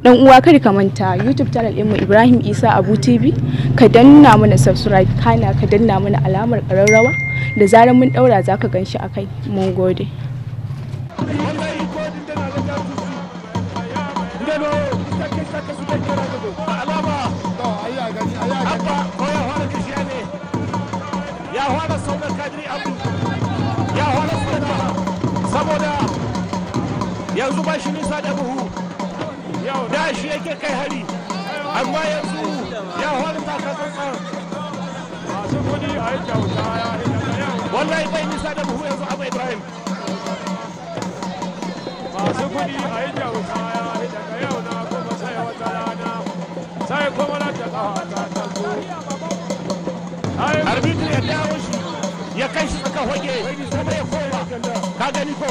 dan uwa kada ka manta youtube channel mu ibrahim isa abu tv ka danna mana subscribe kana ka danna mana alamar kararrawa da zarar mun daura za ka akai mun gode saboda yanzu ba shi nisa da buhu da shi yake kai hari amma yanzu ya hori takatsantsan masu kudi a yi kyauta ya wallahi bai nisa da buhu yanzu abu ibrahim masu kudi a yi kyauta ya daga yau na kuma sai wata rana sai kuma na ta ta arbitri ya dawo shi ya kai shi tsaka hoge ya koma ka gani ko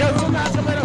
yanzu na zama da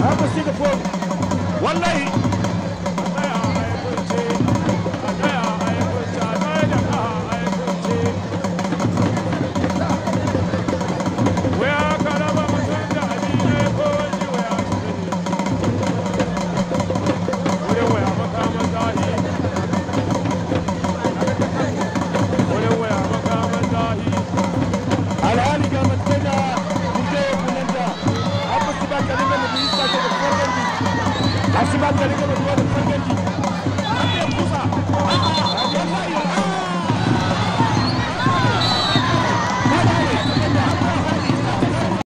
Have a seat of wallahi ba da rike da ruwa da